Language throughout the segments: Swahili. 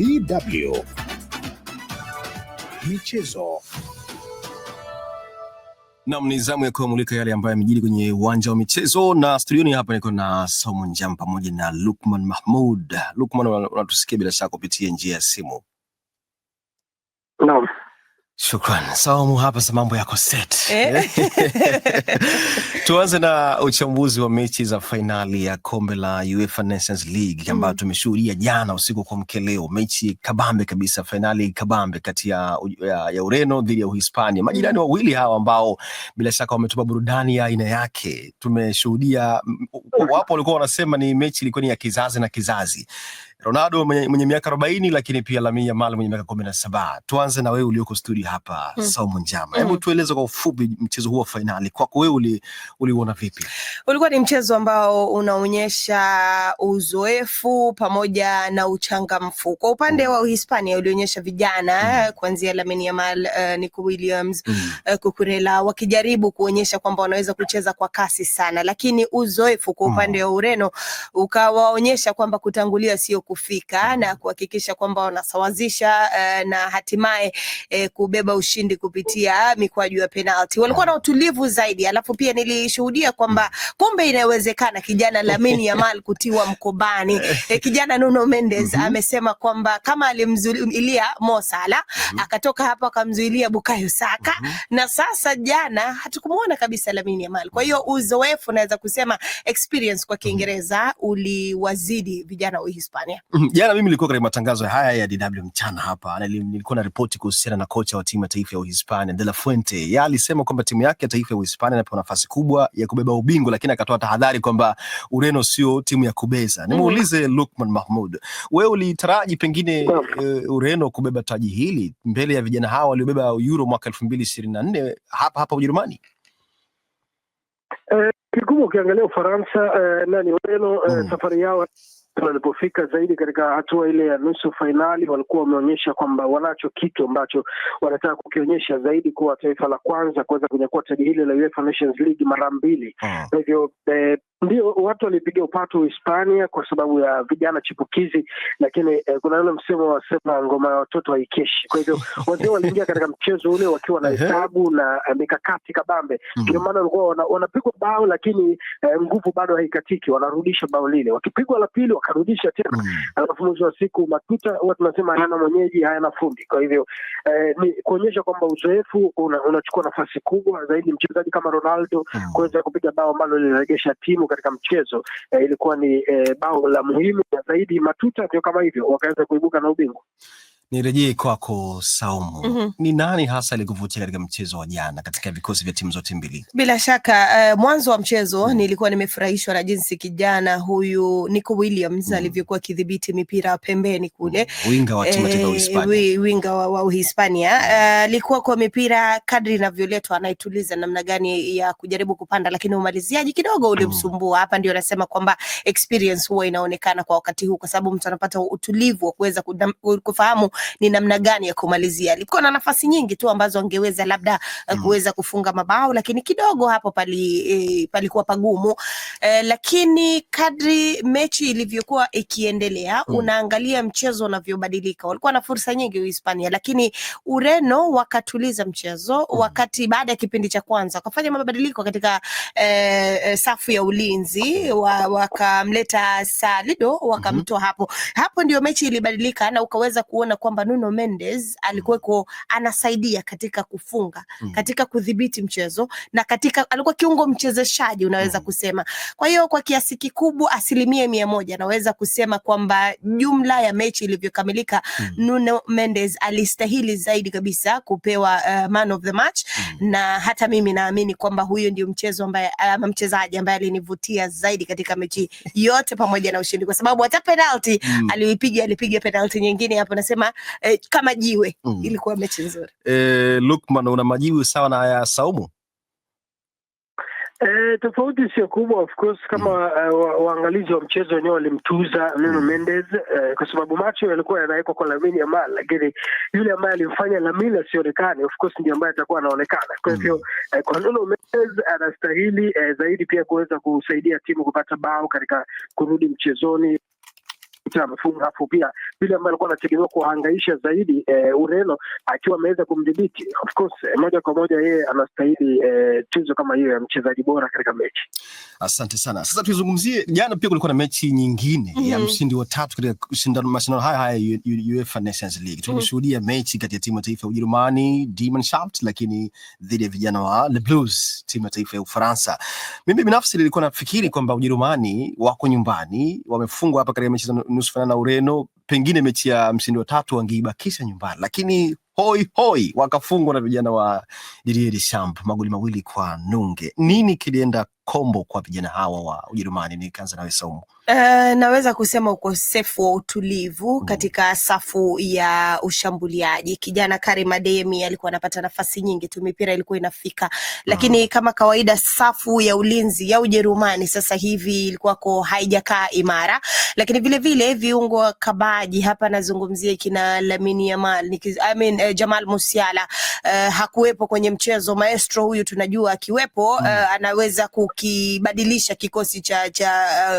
DW Michezo. nam ni zamu ya kuamulika yale ambayo yamejiri kwenye uwanja wa michezo, na studioni hapa niko na somo Njama pamoja na Lukman Mahmud. Lukman, unatusikia bila shaka kupitia njia ya simu? Naam. Shukran. Saumu, hapa sa mambo yako set eh? Tuanze na uchambuzi wa mechi za fainali ya kombe la UEFA Nations League ambayo mm, tumeshuhudia jana usiku kwa mkeleo, mechi kabambe kabisa, fainali kabambe kati ya, ya, ya Ureno dhidi ya Uhispania, majirani mm, wawili hawa ambao bila shaka wametupa burudani ya aina yake. Tumeshuhudia wapo walikuwa wanasema ni mechi ilikuwa ni ya kizazi na kizazi Ronaldo mwenye, mwenye miaka 40 lakini pia Lamine Yamal mwenye miaka 17. Tuanze na wewe ulioko studio hapa mm. Saumu Njama, mm. hebu mm. tueleze kwa ufupi mchezo huo wa fainali kwako wewe uli, uliuona vipi? Ulikuwa ni mchezo ambao unaonyesha uzoefu pamoja na uchangamfu kwa upande mm. wa Uhispania ulionyesha vijana mm. Eh, kuanzia Lamine Yamal, uh, Nico Williams mm. uh, Cucurella wakijaribu kuonyesha kwamba wanaweza kucheza kwa kasi sana, lakini uzoefu kwa mm. upande wa Ureno ukawaonyesha kwamba kutangulia sio kufika na mm-hmm. kuhakikisha kwamba wanasawazisha eh, na hatimaye eh, kubeba ushindi kupitia mikwaju ya penalti. Walikuwa na utulivu zaidi, alafu pia nilishuhudia kwamba kumbe inawezekana kijana Lamine Yamal kutiwa mkobani. Eh, kijana Nuno Mendes mm -hmm. amesema kwamba kama alimzuilia Mo Salah mm -hmm. akatoka hapo akamzuilia Bukayo Saka mm -hmm. na sasa jana hatukumuona kabisa Lamine Yamal. Kwa hiyo uzoefu naweza kusema experience kwa mm-hmm. Kiingereza uliwazidi vijana wa Hispania. Jana mimi nilikuwa katika matangazo haya ya DW mchana hapa, nilikuwa na ripoti kuhusiana na kocha wa timu ya taifa ya Uhispania De La Fuente. Yeye alisema kwamba timu yake ya taifa ya Uhispania inapewa nafasi kubwa ya kubeba ubingwa, lakini akatoa tahadhari kwamba Ureno sio timu ya kubeza. Nimuulize mhm. Lukman Mahmud, wewe ulitaraji pengine uh, Ureno kubeba taji hili mbele ya vijana hawa waliobeba Euro mwaka elfu mbili ishirini na nne hapa hapa Ujerumani? Eh, Kikubwa ukiangalia Ufaransa, eh, nani Ureno, mhm. safari yao walipofika zaidi katika hatua ile ya nusu fainali, walikuwa wameonyesha kwamba wanacho kitu ambacho wanataka kukionyesha zaidi kuwa taifa la kwanza kuweza kunyakua taji hili la UEFA Nations League mara mbili. Hmm. Kwa hivyo eh, ndio, watu walipiga upato Hispania kwa sababu ya vijana chipukizi, lakini eh, kuna ule msemo wasema ngoma ya watoto haikeshi. Kwa hivyo wazee waliingia katika mchezo ule wakiwa na hesabu na eh, mikakati kabambe, mm-hmm. ndio maana walikuwa wana, wanapigwa bao lakini eh, nguvu bado haikatiki, wanarudisha bao lile, wakipigwa la pili wakarudisha tena, mm-hmm. alafu mwisho wa siku matuta huwa tunasema hayana mwenyeji hayana fundi. Kwa hivyo eh, ni kuonyesha kwamba uzoefu unachukua una nafasi kubwa zaidi, mchezaji kama Ronaldo mm. kuweza kupiga bao ambalo linaregesha timu katika mchezo eh, ilikuwa ni eh, bao la muhimu zaidi. Matuta ndio kama hivyo wakaweza kuibuka na ubingwa. Nirejee kwako Saumu. mm -hmm. Ni nani hasa alikuvutia katika mchezo wa jana katika vikosi vya timu zote mbili? Bila shaka uh, mwanzo wa mchezo mm -hmm. nilikuwa nimefurahishwa na jinsi kijana huyu Nico Williams mm -hmm. alivyokuwa akidhibiti mipira pembeni kule, mhm. winga wa timu ya eh, Uhispania, winga wa Uhispania mhm. eh, alikuwa uh, kwa mipira kadri inavyoletwa anaituliza namna gani ya kujaribu kupanda, lakini umaliziaji kidogo ulimsumbua. Mhm. Hapa ndio nasema kwamba experience huwa inaonekana kwa wakati huu, kwa sababu mtu anapata utulivu wa kuweza kufahamu ni namna gani ya kumalizia. Alikuwa na nafasi nyingi tu ambazo angeweza labda eh, mm. kuweza kufunga mabao, lakini kidogo hapo pali, e, palikuwa pagumu e, lakini kadri mechi ilivyokuwa ikiendelea mm. unaangalia mchezo unavyobadilika. Walikuwa na fursa nyingi Uhispania, lakini Ureno wakatuliza mchezo mm. wakati baada ya kipindi cha kwanza wakafanya mabadiliko katika e, safu ya ulinzi wa, wakamleta Salido wakamtoa mm -hmm. hapo hapo ndio mechi ilibadilika na ukaweza kuona kwa kwamba Nuno Mendes alikuweko mm. anasaidia katika kufunga mm. katika kudhibiti mchezo na katika alikuwa kiungo mchezeshaji unaweza mm. kusema. Kwa hiyo kwa kiasi kikubwa asilimia mia moja naweza kusema kwamba jumla ya mechi ilivyokamilika mm. Nuno Mendes alistahili zaidi kabisa kupewa uh, man of the match mm. na hata mimi naamini kwamba huyo ndio mchezo ambaye ama mchezaji ambaye alinivutia zaidi katika mechi yote pamoja na ushindi, kwa sababu hata penalti mm. aliyoipiga alipiga penalti nyingine hapo, nasema eh, kama jiwe mm. Ilikuwa mechi nzuri eh. Lukman, una majiwe sawa na ya Saumu? Eh, tofauti sio kubwa of course, kama uh, waangalizi wa mchezo wenyewe walimtuza Nuno mm. Mendes uh, kwa sababu macho yalikuwa yanawekwa kwa Lamine Yamal, lakini yule ambaye alimfanya Lamine asionekane of course ndiye ambaye atakuwa anaonekana. Kwa hivyo uh, kwa Nuno Mendes anastahili uh, zaidi pia kuweza kusaidia timu kupata bao katika kurudi mchezoni kutia mafungu hapo pia vile ambayo alikuwa anategemewa kuhangaisha zaidi eh, Ureno akiwa ameweza kumdhibiti. Of course eh, moja kwa moja yeye anastahili eh, tuzo kama hiyo ya mchezaji bora katika mechi. Asante sana. Sasa tuizungumzie jana, pia kulikuwa na mechi nyingine mm -hmm. ya mhm. mshindi wa tatu katika mashindano haya haya UEFA Nations League. Mhm. Tumeshuhudia mm -hmm. mechi kati ya timu ya taifa ya Ujerumani Demon Shaft, lakini dhidi ya vijana wa Le Blues, timu ya taifa ya Ufaransa. Mimi binafsi nilikuwa nafikiri kwamba Ujerumani wako nyumbani, wamefungwa hapa katika mechi za nusu fainali na Ureno, pengine mechi ya mshindi wa tatu wangeibakisha nyumbani, lakini hoi hoi wakafungwa na vijana wa Didier Deschamps magoli mawili kwa nunge. Nini kilienda kombo kwa vijana hawa wa Ujerumani? Nikaanza nawe Saumu. Uh, naweza kusema ukosefu wa utulivu mm, katika safu ya ushambuliaji. Kijana Karim Adeyemi alikuwa anapata nafasi nyingi tu, mipira ilikuwa inafika, lakini mm, kama kawaida safu ya ulinzi ya Ujerumani sasa hivi ilikuwako haijakaa imara, lakini vilevile viungo kabaji hapa nazungumzia kina Lamine Yamal, I mean, uh, Jamal Musiala uh, hakuwepo kwenye mchezo. Maestro huyu tunajua akiwepo, uh, anaweza kukibadilisha kikosi cha, cha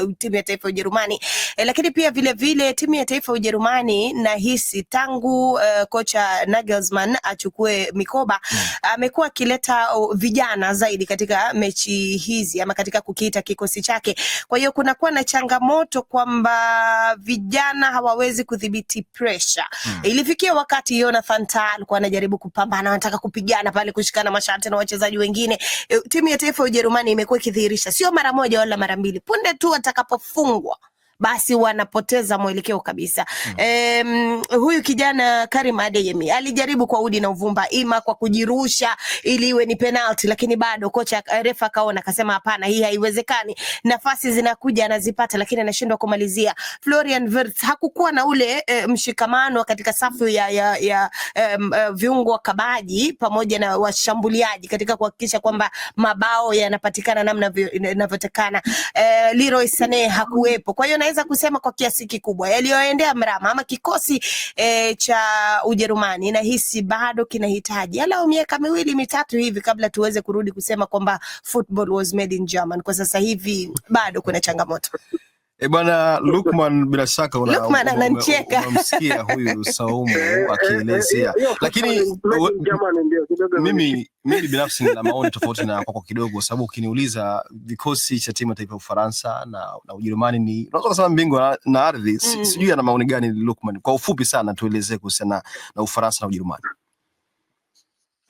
uh, timu ya taifa ya Ujerumani eh, lakini pia vilevile timu ya taifa ya Ujerumani nahisi tangu uh, kocha Nagelsmann achukue mikoba mm. amekuwa akileta oh, vijana zaidi katika mechi hizi ama katika kukiita kikosi chake, kwa hiyo kunakuwa na changamoto kwamba kwamba vijana hawawezi kudhibiti pressure mm. Ilifikia wakati Jonathan Tah alikuwa anajaribu kupambana, anataka kupigana pale, kushikana mashati na wachezaji wengine. E, timu ya taifa ya Ujerumani imekuwa ikidhihirisha sio mara moja wala mara mbili, punde tu atakapofungwa basi wanapoteza mwelekeo kabisa. Mm. Em, huyu kijana Karim Adeyemi alijaribu kwa udi na uvumba ima kwa kujirusha ili iwe ni penalti, lakini bado kocha eh, refa akaona akasema, hapana, hii haiwezekani. Nafasi zinakuja anazipata, lakini anashindwa kumalizia. Florian Wirtz hakukuwa na ule e, mshikamano katika safu ya, ya, ya um, uh, viungo wakabaji pamoja na washambuliaji katika kuhakikisha kwamba mabao yanapatikana namna inavyotakana. E, Leroy Sane hakuwepo, kwa hiyo na tunaweza kusema kwa kiasi kikubwa yaliyoendea mrama ama kikosi e, cha Ujerumani nahisi bado kinahitaji alau miaka miwili mitatu hivi kabla tuweze kurudi kusema kwamba football was made in German. Kwa sasa hivi bado kuna changamoto E bwana Lukman, bila shaka unamsikia huyu Saumu eh, eh, akielezea, lakini mimi mimi binafsi nina maoni tofauti na kwako kidogo, sababu ukiniuliza vikosi cha timu ya taifa ya Ufaransa na, na Ujerumani ni unaweza kusema mbingo na ardhi. Mm. Sijui ana maoni gani Lukman, kwa ufupi sana tuelezee kuhusiana na Ufaransa na Ujerumani.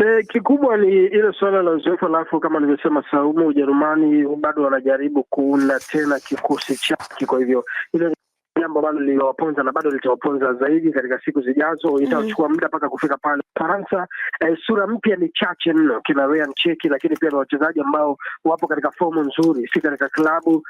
E, kikubwa ni ile suala la uzoefu, alafu kama nilivyosema, Saumu, Ujerumani bado wanajaribu kuunda tena kikosi chake, kwa hivyo ile jambo ambalo liliwaponza na bado litawaponza zaidi katika siku zijazo. Mhm. Itachukua muda mpaka kufika pale Faransa. Eh, sura mpya ni chache mno, kina Ryan Cheki, lakini pia na wachezaji ambao wapo katika fomu nzuri, si katika klabu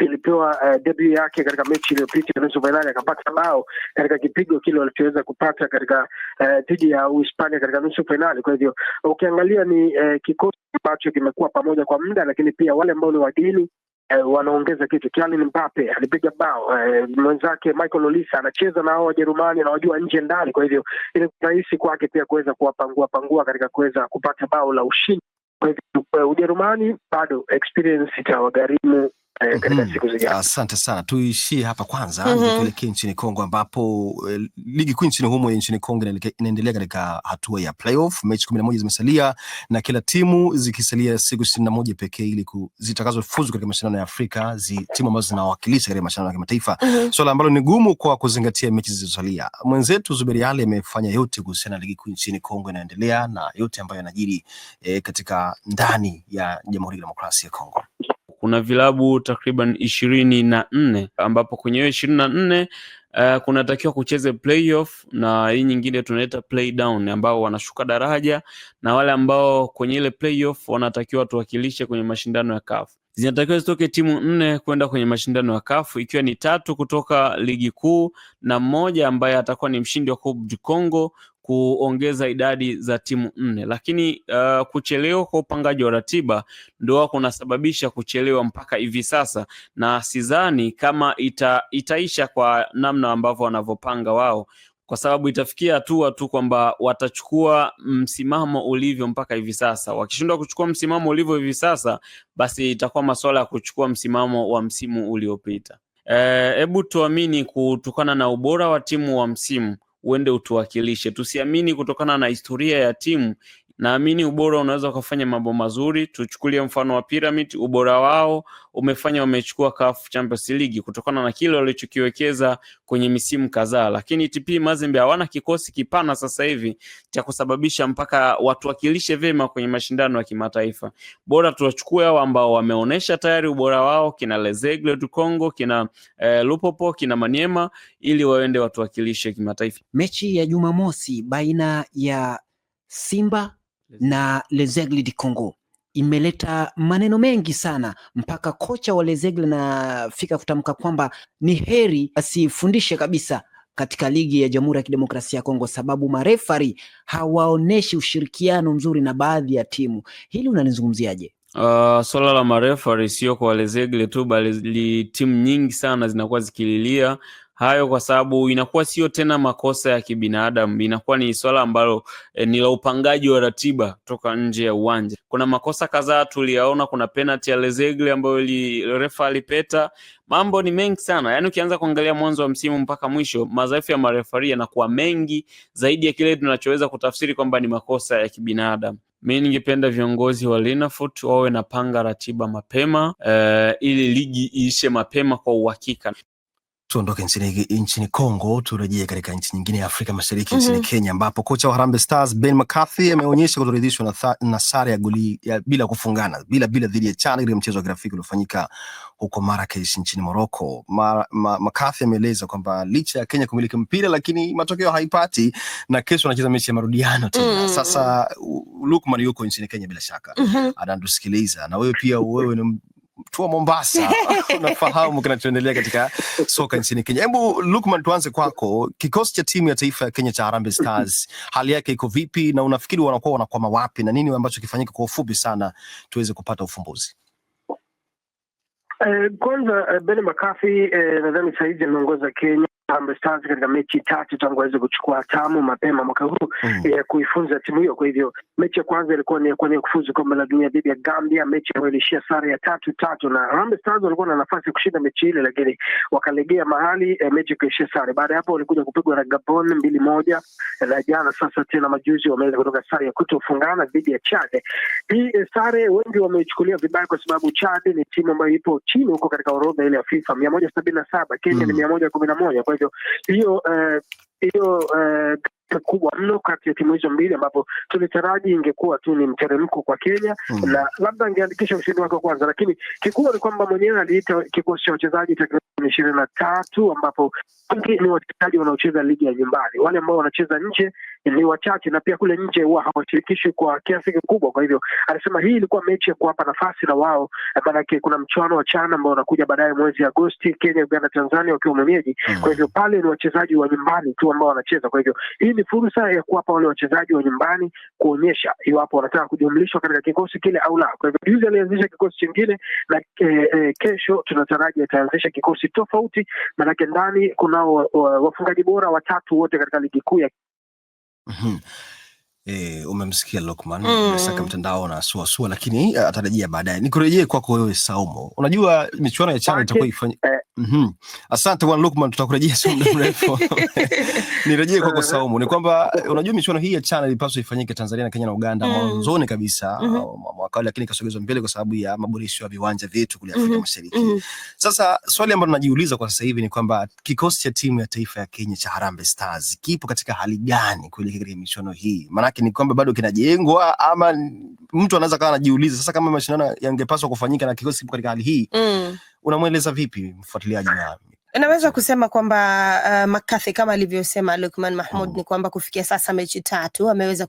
ilipewa uh, debut yake katika mechi iliyopita nusu fainali, akapata bao katika kipigo kile walichoweza kupata katika eh, dhidi uh, ya Uhispania katika nusu fainali. Kwa hivyo ukiangalia ni uh, kikosi ambacho kimekuwa pamoja kwa muda, lakini pia wale ambao ni wageni eh, wanaongeza kitu. Kylian Mbappe alipiga bao eh, mwenzake Michael Olisa anacheza na hao Wajerumani na wajua nje ndani, kwa hivyo ile rahisi kwake pia kuweza kuwapangua pangua katika kuweza kupata bao la ushindi. Kwa hivyo eh, Ujerumani bado experience itawagharimu mm -hmm. Asante sana, tuishie hapa kwanza mm -hmm. tuelekee nchini Kongo ambapo eh, ligi kuu nchini humo nchini Kongo inaendelea katika hatua ya playoff. Mechi kumi na moja zimesalia na kila timu zikisalia siku ishirini na moja pekee ili zitakazofuzu katika mashindano ya Afrika zi, timu ambazo zinawakilisha katika mashindano ya kimataifa mm -hmm. swala ambalo ni gumu kwa kuzingatia mechi zilizosalia. Mwenzetu Zuberi Ali amefanya yote kuhusiana na ligi kuu nchini Kongo inaendelea na yote ambayo yanajiri eh, katika ndani ya Jamhuri ya Demokrasia ya Kongo kuna vilabu takriban ishirini na nne ambapo kwenye hiyo ishirini na nne uh, kunatakiwa kucheze playoff na hii nyingine tunaita play down, ambao wanashuka daraja na wale ambao kwenye ile playoff wanatakiwa tuwakilishe kwenye mashindano ya CAF. Zinatakiwa zitoke timu nne kwenda kwenye mashindano ya CAF, ikiwa ni tatu kutoka ligi kuu na mmoja ambaye atakuwa ni mshindi wa Coupe du Congo kuongeza idadi za timu nne, lakini uh, kuchelewa kwa upangaji wa ratiba ndio kunasababisha kuchelewa mpaka hivi sasa, na sidhani kama ita, itaisha kwa namna ambavyo wanavyopanga wao, kwa sababu itafikia hatua tu kwamba watachukua msimamo ulivyo mpaka hivi sasa. Wakishindwa kuchukua msimamo ulivyo hivi sasa, basi itakuwa masuala ya kuchukua msimamo wa msimu uliopita. Eh, hebu tuamini kutokana na ubora wa timu wa msimu uende utuwakilishe. Tusiamini kutokana na historia ya timu Naamini ubora unaweza ukafanya mambo mazuri. Tuchukulie mfano wa Pyramid, ubora wao umefanya wamechukua CAF Champions League kutokana na kile walichokiwekeza kwenye misimu kadhaa, lakini TP Mazembe hawana kikosi kipana sasa hivi cha kusababisha mpaka watuwakilishe vyema kwenye mashindano ya kimataifa. Bora tuwachukue hao ambao wameonesha tayari ubora wao, kina Lezegle du Congo, kina eh, Lupopo, kina Maniema, ili waende watuwakilishe kimataifa. Mechi ya Jumamosi baina ya Simba na Lezegle di Congo imeleta maneno mengi sana mpaka kocha wa Lezegle nafika kutamka kwamba ni heri asifundishe kabisa katika ligi ya Jamhuri ya Kidemokrasia ya Kongo sababu marefari hawaoneshi ushirikiano mzuri na baadhi ya timu. Hili unalizungumziaje? Uh, swala la marefari sio kwa Lezegle tu bali timu nyingi sana zinakuwa zikililia hayo kwa sababu inakuwa sio tena makosa ya kibinadamu, inakuwa ni swala ambalo eh, ni la upangaji wa ratiba toka nje ya uwanja. Kuna makosa kadhaa tuliyaona, kuna penalty ya Lezegle ambayo refa alipeta. Mambo ni mengi sana, yaani ukianza kuangalia mwanzo wa msimu mpaka mwisho, madhaifu ya marefari yanakuwa mengi zaidi ya kile tunachoweza kutafsiri kwamba ni makosa ya kibinadamu. Mi ningependa viongozi wa Linafoot wawe na panga ratiba mapema, uh, ili ligi iishe mapema kwa uhakika. Tuondoke nchini, nchini Kongo turejee katika nchi nyingine ya Afrika Mashariki, nchini mm -hmm. Kenya ambapo kocha wa Harambee Stars Ben McCarthy ameonyesha kutoridhishwa na, na sare ya goli ya, bila kufungana bila bila dhidi ya Chad katika mchezo wa kirafiki uliofanyika huko Marrakesh nchini Morocco. McCarthy ameeleza kwamba licha ya Kenya kumiliki mpira lakini matokeo haipati na kesho anacheza mechi ya marudiano tena. mm -hmm. Sasa Lukman yuko nchini Kenya bila shaka mm -hmm. anatusikiliza na wewe pia wewe ni tua Mombasa unafahamu kinachoendelea katika soka nchini Kenya. Hebu Lukman, tuanze kwako. Kikosi cha timu ya taifa ya Kenya cha Harambee Stars, hali yake iko vipi na unafikiri wanakuwa wanakwama wapi na nini ambacho kifanyika? Kwa ufupi sana tuweze kupata ufumbuzi. Uh, kwanza uh, eh, Ben Makafi uh, eh, nadhani sahizi ameongoza Kenya Harambee Stars katika mechi tatu tangu aweze kuchukua hatamu mapema mwaka huu mm. E, kuifunza timu hiyo. Kwa hivyo mechi ya kwanza ilikuwa ni kuwania kufuzu kombe la dunia dhidi ya Gambia, mechi ambayo ilishia sare ya tatu tatu, na Harambee Stars walikuwa na nafasi ya kushinda mechi ile, lakini wakalegea mahali eh, mechi ikaishia sare. Baada ya hapo walikuja kupigwa na Gabon mbili moja, eh, na jana sasa tena majuzi wameweza kutoka sare ya kutofungana dhidi ya Chad. Hii eh, sare wengi wameichukulia vibaya, kwa sababu Chad ni timu ambayo ipo chini huko katika orodha ile ya FIFA mia moja sabini na saba Kenya mm. ni mia moja kumi na moja kwa hivyo hiyo hiyo uh, uh, kubwa mno kati ya timu hizo mbili ambapo tulitaraji ingekuwa tu ni mteremko kwa Kenya mm. na labda angeandikisha ushindi wake wa kwanza, lakini kikubwa ni kwamba mwenyewe aliita kikosi cha wachezaji na ishirini na tatu ambapo wengi ni wachezaji wanaocheza ligi ya nyumbani. Wale ambao wanacheza nje ni wachache, na pia kule nje huwa hawashirikishwi kwa kiasi kikubwa. Kwa hivyo anasema hii ilikuwa mechi ya kuwapa nafasi na wao, maanake kuna mchuano wa CHAN ambao unakuja baadaye mwezi Agosti, Kenya, Uganda, Tanzania wakiwa mwenyeji. Hmm. Kwa hivyo pale ni wachezaji wa nyumbani tu ambao wanacheza. Kwa hivyo hii ni fursa ya kuwapa wale wachezaji wa nyumbani kuonyesha iwapo wanataka kujumlishwa katika kikosi kile au la. Kwa hivyo juzi alianzisha kikosi chingine na eh, eh, kesho tunataraji ataanzisha kikosi nafasi tofauti, maanake ndani kunao wafungaji bora watatu wote katika ligi kuu ya E, umemsikia Lokman mm. mtandao na suasua lakini eh, atarajia baadaye. Nikurejee kwako wewe Saumo, unajua michuano ya CHAN itakuwa ifanye eh, Mm -hmm. Asante Bwana Lukman, tutakurejea sio muda mrefu. Nirejee kwako Saumu, ni kwamba eh, unajua michuano hii ya CHAN ilipaswa ifanyike Tanzania na Kenya na Uganda mm. mwanzoni mm. kabisa mm -hmm. mwaka lakini ikasogezwa mbele kwa sababu ya maboresho ya viwanja vyetu kule Afrika mm -hmm. Mashariki mm -hmm. Sasa swali ambalo najiuliza kwa sasa hivi ni kwamba kikosi cha timu ya taifa ya Kenya cha Harambee Stars kipo katika hali gani kuelekea katika michuano hii? Maanake ni kwamba bado kinajengwa, ama mtu anaweza kawa anajiuliza sasa, kama mashindano yangepaswa kufanyika na kikosi kipo katika hali hii mm unamweleza vipi mfuatiliaji wa Naweza kusema kwamba uh, Makathi kama alivyosema Lukman Mahmud mm. ni kwamba kufikia sasa mechi tatu ameweza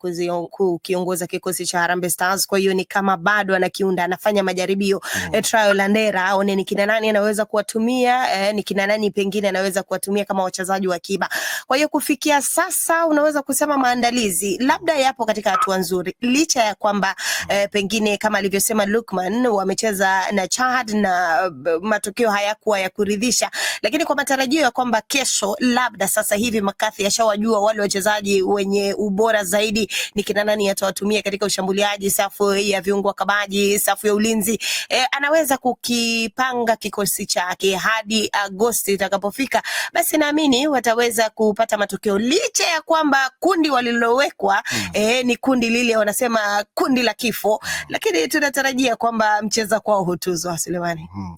kukiongoza kikosi cha Harambee Stars, kwa hiyo ni kama bado anakiunda, anafanya majaribio mm, e, trial and error, aone ni kina nani anaweza kuwatumia, e, ni kina nani pengine anaweza kuwatumia kama wachezaji wa akiba. Kwa hiyo kufikia sasa unaweza kusema maandalizi labda yapo katika hatua nzuri, licha ya kwamba e, pengine kama alivyosema Lukman wamecheza na Chad na uh, matokeo hayakuwa ya kuridhisha, lakini lakini kwa matarajio ya kwamba kesho labda sasa hivi makathi ashawajua wale wachezaji wenye ubora zaidi ni kina nani atawatumia katika ushambuliaji, safu ya viungo kabaji, safu ya ulinzi e, anaweza kukipanga kikosi chake hadi Agosti itakapofika, basi naamini wataweza kupata matokeo licha ya kwamba kundi walilowekwa mm. e, ni kundi lile wanasema kundi la kifo, hmm. lakini tunatarajia kwamba mcheza kwao hutuzwa Sulemani. mm.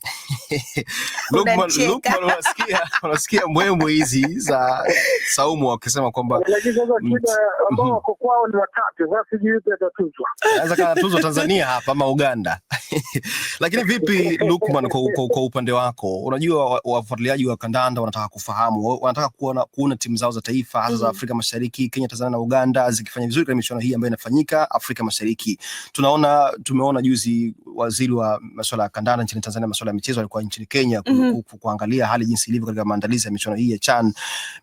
Unasikia mbwembwe hizi za Saumu wakisema kwamba yaani mm. mm-hmm. anaweza Tanzania hapa ama Uganda. Lakini vipi Lukman, kwa upande wako, unajua wafuatiliaji wa kandanda wanataka kufahamu, wanataka kuona timu zao za taifa hasa za mm-hmm. Afrika Mashariki, Kenya, Tanzania na Uganda zikifanya vizuri katika michuano hii ambayo inafanyika Afrika Mashariki. Tunaona tumeona juzi waziri wa masuala ya kandanda nchini Tanzania, masuala ya michezo, alikuwa nchini Kenya mm -hmm. kuangalia hali jinsi ilivyo katika maandalizi ya michuano hii ya CHAN.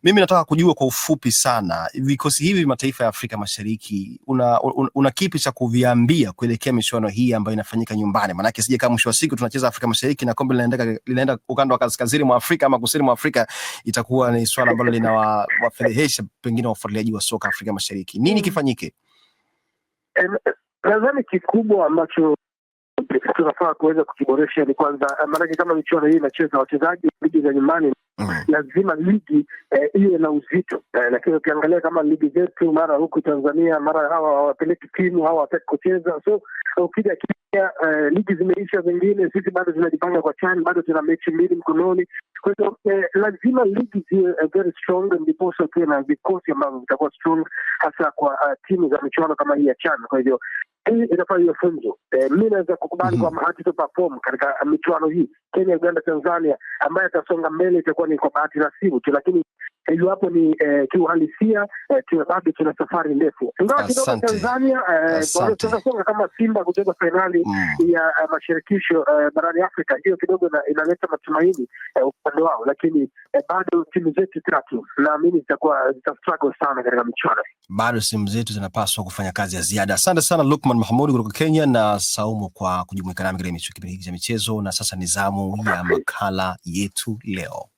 Mimi nataka kujua kwa ufupi sana vikosi hivi mataifa ya Afrika Mashariki, una, una, una kipi cha kuviambia kuelekea michuano hii ambayo inafanyika nyumbani? Maanake sije kama mwisho wa siku tunacheza Afrika Mashariki na kombe linaenda linaenda ukanda wa kaskazini mwa Afrika ama kusini mwa Afrika, itakuwa ni swala ambalo linawafedhehesha wa, pengine wafuatiliaji wa soka Afrika Mashariki. Nini mm. kifanyike? Eh, nadhani kikubwa ambacho tunafaa kuweza kukiboresha ni kwanza, maanake kama michuano hii inacheza wachezaji ligi za nyumbani lazima ligi eh, iwe na uzito, eh, lakini ukiangalia kama ligi zetu, mara huku Tanzania, mara hawa hawapeleki timu, hawa hawataki kucheza. So ukija Kenya eh, ligi zimeisha, zingine sisi bado zinajipanga kwa chani, bado tuna mechi mbili mkononi. Kwa eh, lazima ligi ziwe uh, very strong, ndiposa ukiwe na vikosi ambavyo vitakuwa strong, hasa kwa uh, timu za michuano kama hii ya CHAN. Kwa hivyo hii inafaa iwe funzo. Mi naweza kukubali kwa mhm. kwamba hatutoperform katika michuano hii Kenya, Uganda, Tanzania ambaye atasonga mbele itakuwa ni kwa bahati nasibu tu, lakini iwapo ni eh, kiuhalisia eh, tuna bado tuna safari ndefu, ingawa kidogo Tanzania eh, tunasonga eh, kama Simba kucheza fainali mm. ya uh, mashirikisho uh, barani Afrika, hiyo kidogo inaleta matumaini uh, upande wao, lakini eh, bado timu zetu tatu naamini zitakuwa zitastruggle sana katika michuano. Bado simu zetu zinapaswa kufanya kazi ya ziada. Asante sana Lukman mahmud kutoka Kenya na Saumu kwa kujumuika nami katika kipindi hiki cha michezo, na sasa ni zamu ya makala yetu leo.